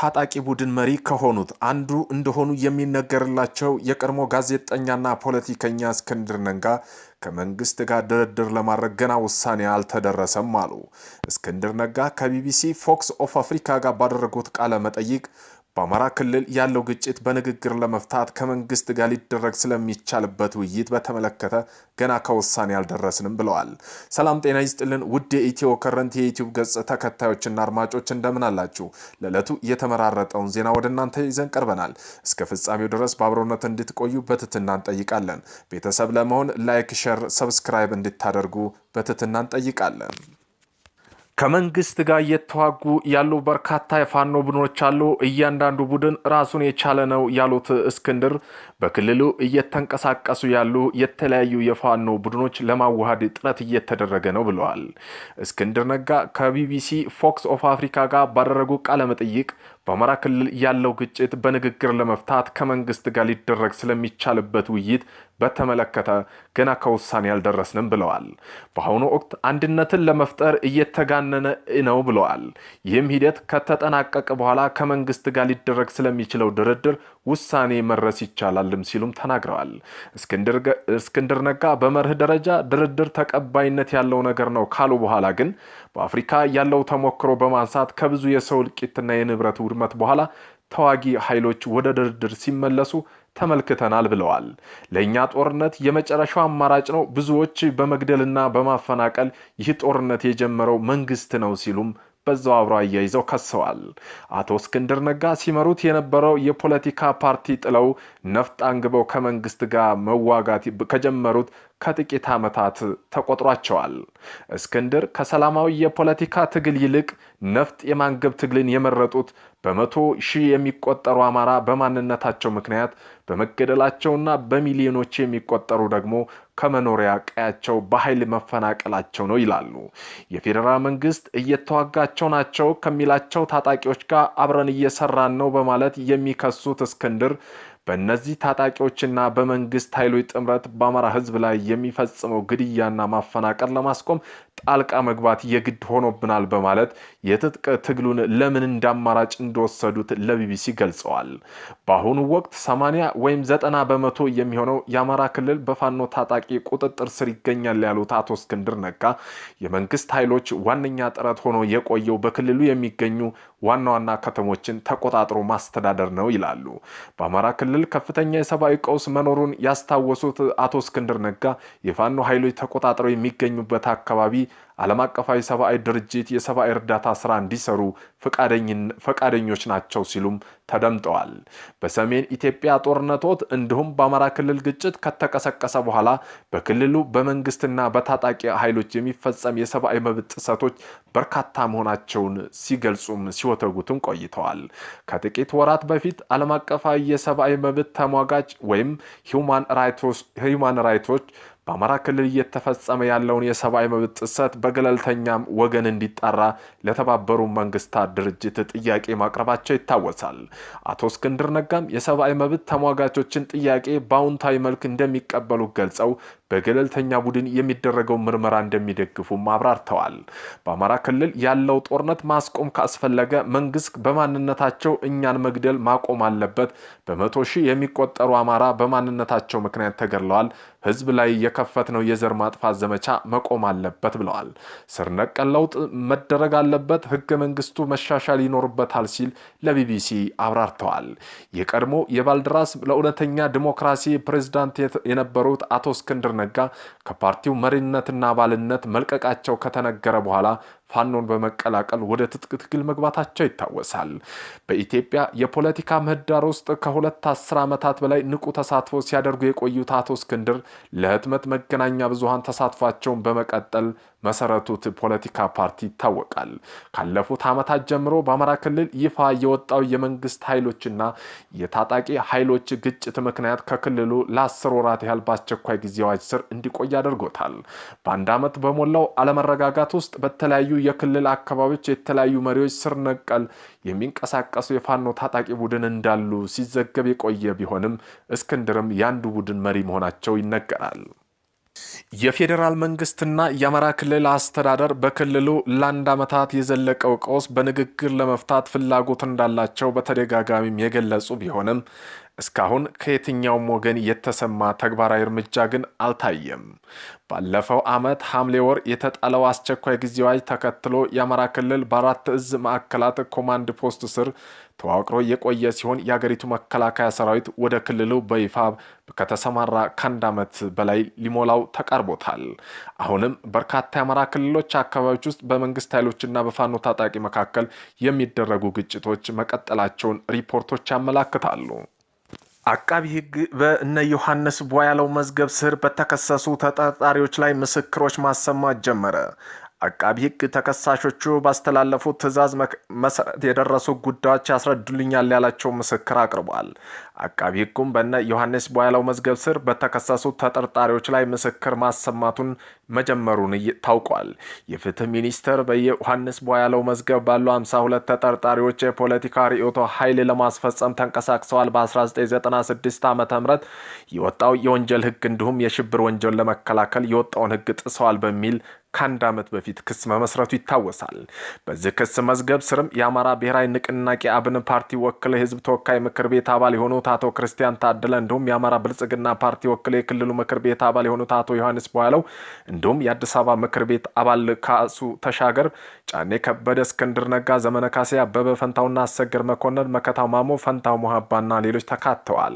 ታጣቂ ቡድን መሪ ከሆኑት አንዱ እንደሆኑ የሚነገርላቸው የቀድሞ ጋዜጠኛና ፖለቲከኛ እስክንድር ነጋ ከመንግስት ጋር ድርድር ለማድረግ ገና ውሳኔ አልተደረሰም አሉ። እስክንድር ነጋ ከቢቢሲ ፎክስ ኦፍ አፍሪካ ጋር ባደረጉት ቃለ መጠይቅ በአማራ ክልል ያለው ግጭት በንግግር ለመፍታት ከመንግስት ጋር ሊደረግ ስለሚቻልበት ውይይት በተመለከተ ገና ከውሳኔ አልደረስንም ብለዋል። ሰላም ጤና ይስጥልን ውድ የኢትዮ ከረንት የዩትዩብ ገጽ ተከታዮችና አድማጮች እንደምን አላችሁ? ለዕለቱ የተመራረጠውን ዜና ወደ እናንተ ይዘን ቀርበናል። እስከ ፍጻሜው ድረስ በአብሮነት እንድትቆዩ በትትና እንጠይቃለን። ቤተሰብ ለመሆን ላይክ፣ ሸር፣ ሰብስክራይብ እንድታደርጉ በትትና እንጠይቃለን። ከመንግስት ጋር እየተዋጉ ያሉ በርካታ የፋኖ ቡድኖች አሉ። እያንዳንዱ ቡድን ራሱን የቻለ ነው ያሉት እስክንድር በክልሉ እየተንቀሳቀሱ ያሉ የተለያዩ የፋኖ ቡድኖች ለማዋሃድ ጥረት እየተደረገ ነው ብለዋል። እስክንድር ነጋ ከቢቢሲ ፎክስ ኦፍ አፍሪካ ጋር ባደረጉ ቃለ መጠይቅ በአማራ ክልል ያለው ግጭት በንግግር ለመፍታት ከመንግስት ጋር ሊደረግ ስለሚቻልበት ውይይት በተመለከተ ገና ከውሳኔ አልደረስንም ብለዋል። በአሁኑ ወቅት አንድነትን ለመፍጠር እየተጋነነ ነው ብለዋል። ይህም ሂደት ከተጠናቀቀ በኋላ ከመንግስት ጋር ሊደረግ ስለሚችለው ድርድር ውሳኔ መድረስ ይቻላል ይሆናልም ሲሉም ተናግረዋል። እስክንድር ነጋ በመርህ ደረጃ ድርድር ተቀባይነት ያለው ነገር ነው ካሉ በኋላ ግን በአፍሪካ ያለው ተሞክሮ በማንሳት ከብዙ የሰው እልቂትና የንብረት ውድመት በኋላ ተዋጊ ኃይሎች ወደ ድርድር ሲመለሱ ተመልክተናል ብለዋል። ለእኛ ጦርነት የመጨረሻው አማራጭ ነው፣ ብዙዎች በመግደልና በማፈናቀል ይህ ጦርነት የጀመረው መንግስት ነው ሲሉም በዛው አብሮ አያይዘው ከሰዋል። አቶ እስክንድር ነጋ ሲመሩት የነበረው የፖለቲካ ፓርቲ ጥለው ነፍጥ አንግበው ከመንግስት ጋር መዋጋት ከጀመሩት ከጥቂት ዓመታት ተቆጥሯቸዋል። እስክንድር ከሰላማዊ የፖለቲካ ትግል ይልቅ ነፍጥ የማንገብ ትግልን የመረጡት በመቶ ሺህ የሚቆጠሩ አማራ በማንነታቸው ምክንያት በመገደላቸውና በሚሊዮኖች የሚቆጠሩ ደግሞ ከመኖሪያ ቀያቸው በኃይል መፈናቀላቸው ነው ይላሉ። የፌዴራል መንግስት እየተዋጋቸው ናቸው ከሚላቸው ታጣቂዎች ጋር አብረን እየሰራን ነው በማለት የሚከሱት እስክንድር በእነዚህ ታጣቂዎችና በመንግስት ኃይሎች ጥምረት በአማራ ህዝብ ላይ የሚፈጽመው ግድያና ማፈናቀል ለማስቆም ጣልቃ መግባት የግድ ሆኖብናል በማለት የትጥቅ ትግሉን ለምን እንዳማራጭ እንደወሰዱት ለቢቢሲ ገልጸዋል። በአሁኑ ወቅት 80 ወይም 90 በመቶ የሚሆነው የአማራ ክልል በፋኖ ታጣቂ ቁጥጥር ስር ይገኛል ያሉት አቶ እስክንድር ነጋ የመንግስት ኃይሎች ዋነኛ ጥረት ሆኖ የቆየው በክልሉ የሚገኙ ዋና ዋና ከተሞችን ተቆጣጥሮ ማስተዳደር ነው ይላሉ። በአማራ ክልል ከፍተኛ የሰብአዊ ቀውስ መኖሩን ያስታወሱት አቶ እስክንድር ነጋ የፋኖ ኃይሎች ተቆጣጥረው የሚገኙበት አካባቢ ዓለም አቀፋዊ ሰብአዊ ድርጅት የሰብአዊ እርዳታ ስራ እንዲሰሩ ፈቃደኞች ናቸው ሲሉም ተደምጠዋል። በሰሜን ኢትዮጵያ ጦርነት እንዲሁም በአማራ ክልል ግጭት ከተቀሰቀሰ በኋላ በክልሉ በመንግስትና በታጣቂ ኃይሎች የሚፈጸም የሰብአዊ መብት ጥሰቶች በርካታ መሆናቸውን ሲገልጹም ሲወተጉትም ቆይተዋል። ከጥቂት ወራት በፊት ዓለም አቀፋዊ የሰብአዊ መብት ተሟጋች ወይም ሂውማን ራይትስ በአማራ ክልል እየተፈጸመ ያለውን የሰብአዊ መብት ጥሰት በገለልተኛም ወገን እንዲጣራ ለተባበሩ መንግስታት ድርጅት ጥያቄ ማቅረባቸው ይታወሳል። አቶ እስክንድር ነጋም የሰብአዊ መብት ተሟጋቾችን ጥያቄ በአውንታዊ መልክ እንደሚቀበሉ ገልጸው በገለልተኛ ቡድን የሚደረገው ምርመራ እንደሚደግፉም አብራርተዋል። በአማራ ክልል ያለው ጦርነት ማስቆም ካስፈለገ መንግስት በማንነታቸው እኛን መግደል ማቆም አለበት። በመቶ ሺህ የሚቆጠሩ አማራ በማንነታቸው ምክንያት ተገድለዋል። ህዝብ ላይ የከፈትነው የዘር ማጥፋት ዘመቻ መቆም አለበት ብለዋል። ስር ነቀል ለውጥ መደረግ አለበት፣ ህገ መንግስቱ መሻሻል ይኖርበታል ሲል ለቢቢሲ አብራርተዋል። የቀድሞ የባልደራስ ለእውነተኛ ዲሞክራሲ ፕሬዝዳንት የነበሩት አቶ እስክንድር ነጋ ከፓርቲው መሪነትና አባልነት መልቀቃቸው ከተነገረ በኋላ ፋኖን በመቀላቀል ወደ ትጥቅ ትግል መግባታቸው ይታወሳል። በኢትዮጵያ የፖለቲካ ምህዳር ውስጥ ከሁለት አስር ዓመታት በላይ ንቁ ተሳትፎ ሲያደርጉ የቆዩት አቶ እስክንድር ለህትመት መገናኛ ብዙሃን ተሳትፏቸውን በመቀጠል መሰረቱት ፖለቲካ ፓርቲ ይታወቃል። ካለፉት ዓመታት ጀምሮ በአማራ ክልል ይፋ የወጣው የመንግስት ኃይሎችና የታጣቂ ኃይሎች ግጭት ምክንያት ከክልሉ ለአስር ወራት ያህል በአስቸኳይ ጊዜ አዋጅ ስር እንዲቆይ አድርጎታል። በአንድ ዓመት በሞላው አለመረጋጋት ውስጥ በተለያዩ የክልል አካባቢዎች የተለያዩ መሪዎች ስር ነቀል የሚንቀሳቀሱ የፋኖ ታጣቂ ቡድን እንዳሉ ሲዘገብ የቆየ ቢሆንም እስክንድርም የአንዱ ቡድን መሪ መሆናቸው ይነገራል። የፌዴራል መንግስትና የአማራ ክልል አስተዳደር በክልሉ ለአንድ ዓመታት የዘለቀው ቀውስ በንግግር ለመፍታት ፍላጎት እንዳላቸው በተደጋጋሚም የገለጹ ቢሆንም እስካሁን ከየትኛውም ወገን የተሰማ ተግባራዊ እርምጃ ግን አልታየም። ባለፈው ዓመት ሐምሌ ወር የተጣለው አስቸኳይ ጊዜ አዋጅ ተከትሎ የአማራ ክልል በአራት እዝ ማዕከላት ኮማንድ ፖስት ስር ተዋቅሮ የቆየ ሲሆን የአገሪቱ መከላከያ ሰራዊት ወደ ክልሉ በይፋ ከተሰማራ ከአንድ ዓመት በላይ ሊሞላው ተቃርቦታል። አሁንም በርካታ የአማራ ክልሎች አካባቢዎች ውስጥ በመንግስት ኃይሎችና በፋኖ ታጣቂ መካከል የሚደረጉ ግጭቶች መቀጠላቸውን ሪፖርቶች ያመላክታሉ። አቃቢ ሕግ በእነ ዮሐንስ ቧያለው መዝገብ ስር በተከሰሱ ተጠርጣሪዎች ላይ ምስክሮች ማሰማት ጀመረ። አቃቢ ሕግ ተከሳሾቹ ባስተላለፉት ትዕዛዝ መሰረት የደረሱ ጉዳዮች ያስረዱልኛል ያላቸው ምስክር አቅርቧል። አቃቢ ሕጉም በእነ ዮሐንስ ቧያለው መዝገብ ስር በተከሰሱ ተጠርጣሪዎች ላይ ምስክር ማሰማቱን መጀመሩን ታውቋል። የፍትህ ሚኒስቴር በዮሐንስ ቧያለው መዝገብ ባሉ 52 ተጠርጣሪዎች የፖለቲካ ርዕዮተ ኃይል ለማስፈጸም ተንቀሳቅሰዋል በ1996 ዓ ም የወጣው የወንጀል ህግ እንዲሁም የሽብር ወንጀል ለመከላከል የወጣውን ህግ ጥሰዋል በሚል ከአንድ ዓመት በፊት ክስ መመስረቱ ይታወሳል። በዚህ ክስ መዝገብ ስርም የአማራ ብሔራዊ ንቅናቄ አብን ፓርቲ ወክል የህዝብ ተወካይ ምክር ቤት አባል የሆኑት አቶ ክርስቲያን ታደለ እንዲሁም የአማራ ብልጽግና ፓርቲ ወክል የክልሉ ምክር ቤት አባል የሆኑት አቶ ዮሐንስ በኋላው እንዲሁም የአዲስ አበባ ምክር ቤት አባል ካሱ ተሻገር፣ ጫኔ ከበደ፣ እስክንድር ነጋ፣ ዘመነ ካሴ፣ አበበ ፈንታውና አሰግር መኮንን፣ መከታው ማሞ፣ ፈንታው ሙሀባና ሌሎች ተካተዋል።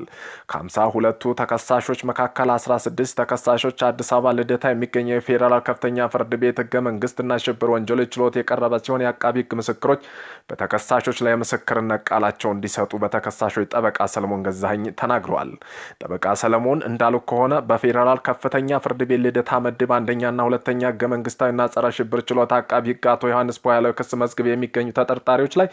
ከሀምሳ ሁለቱ ተከሳሾች መካከል 16 ተከሳሾች አዲስ አበባ ልደታ የሚገኘው የፌዴራል ከፍተኛ ፍርድ ቤት ህገ መንግስትና ሽብር ወንጀሎች ችሎት የቀረበ ሲሆን የአቃቢ ህግ ምስክሮች በተከሳሾች ላይ ምስክርነት ቃላቸው እንዲሰጡ በተከሳሾች ጠበቃ ሰለሞን ገዛኝ ተናግረዋል። ጠበቃ ሰለሞን እንዳሉ ከሆነ በፌዴራል ከፍተኛ ፍርድ ቤት ልደታ መድብ አንደ አንደኛና ሁለተኛ ህገ መንግስታዊና ጸረ ሽብር ችሎት አቃቢ ህግ አቶ ዮሐንስ ቧያለው ክስ መዝግብ የሚገኙ ተጠርጣሪዎች ላይ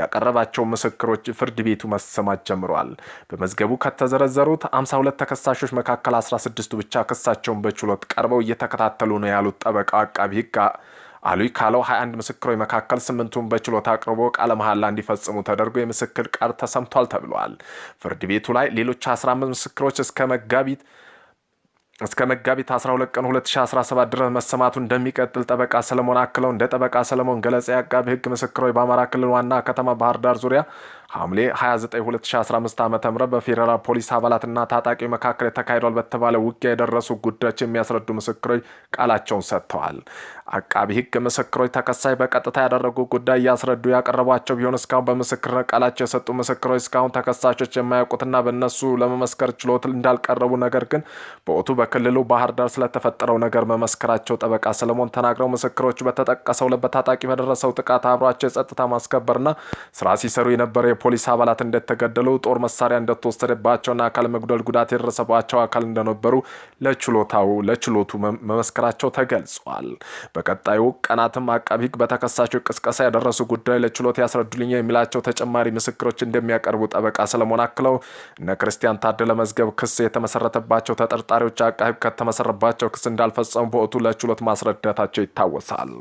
ያቀረባቸው ምስክሮች ፍርድ ቤቱ መሰማት ጀምረዋል። በመዝገቡ ከተዘረዘሩት 52 ተከሳሾች መካከል 16ቱ ብቻ ክሳቸውን በችሎት ቀርበው እየተከታተሉ ነው ያሉት ጠበቃው አቃቢ ህግ አሉይ ካለው 21 ምስክሮች መካከል ስምንቱን በችሎት አቅርቦ ቃለ መሐላ እንዲፈጽሙ ተደርጎ የምስክር ቃል ተሰምቷል ተብለዋል። ፍርድ ቤቱ ላይ ሌሎች 15 ምስክሮች እስከ መጋቢት እስከ መጋቢት 12 ቀን 2017 ድረስ መሰማቱ እንደሚቀጥል ጠበቃ ሰለሞን አክለው እንደ ጠበቃ ሰለሞን ገለጻ የአቃቢ ህግ ምስክሮች በአማራ ክልል ዋና ከተማ ባህር ዳር ዙሪያ ሐምሌ 29 2015 ዓ ም በፌዴራል ፖሊስ አባላትና ታጣቂ መካከል ተካሂዷል በተባለ ውጊያ የደረሱ ጉዳዮች የሚያስረዱ ምስክሮች ቃላቸውን ሰጥተዋል። አቃቢ ሕግ ምስክሮች ተከሳይ በቀጥታ ያደረጉ ጉዳይ እያስረዱ ያቀረቧቸው ቢሆን እስካሁን በምስክርነት ቃላቸው የሰጡ ምስክሮች እስካሁን ተከሳሾች የማያውቁትና በእነሱ ለመመስከር ችሎት እንዳልቀረቡ ነገር ግን በወቱ በክልሉ ባህር ዳር ስለተፈጠረው ነገር መመስከራቸው ጠበቃ ሰለሞን ተናግረው ምስክሮቹ በተጠቀሰው ለበታጣቂ በደረሰው ጥቃት አብሯቸው የጸጥታ ማስከበርና ስራ ሲሰሩ የነበረ የፖሊስ አባላት እንደተገደሉ፣ ጦር መሳሪያ እንደተወሰደባቸውና አካል መጉደል ጉዳት የደረሰባቸው አካል እንደነበሩ ለችሎታው ለችሎቱ መመስከራቸው ተገልጿል። በቀጣዩ ቀናትም አቃቢ ሕግ ቅስቀሳ ያደረሱ ጉዳይ ለችሎት ያስረዱልኝ የሚላቸው ተጨማሪ ምስክሮች እንደሚያቀርቡ ጠበቃ ሰለሞን አክለው እነ ክርስቲያን ታደለ መዝገብ ክስ የተመሰረተባቸው ተጠርጣሪዎች አቃቢ ከተመሰረባቸው ክስ እንዳልፈጸሙ በወቅቱ ለችሎት ማስረዳታቸው ይታወሳል።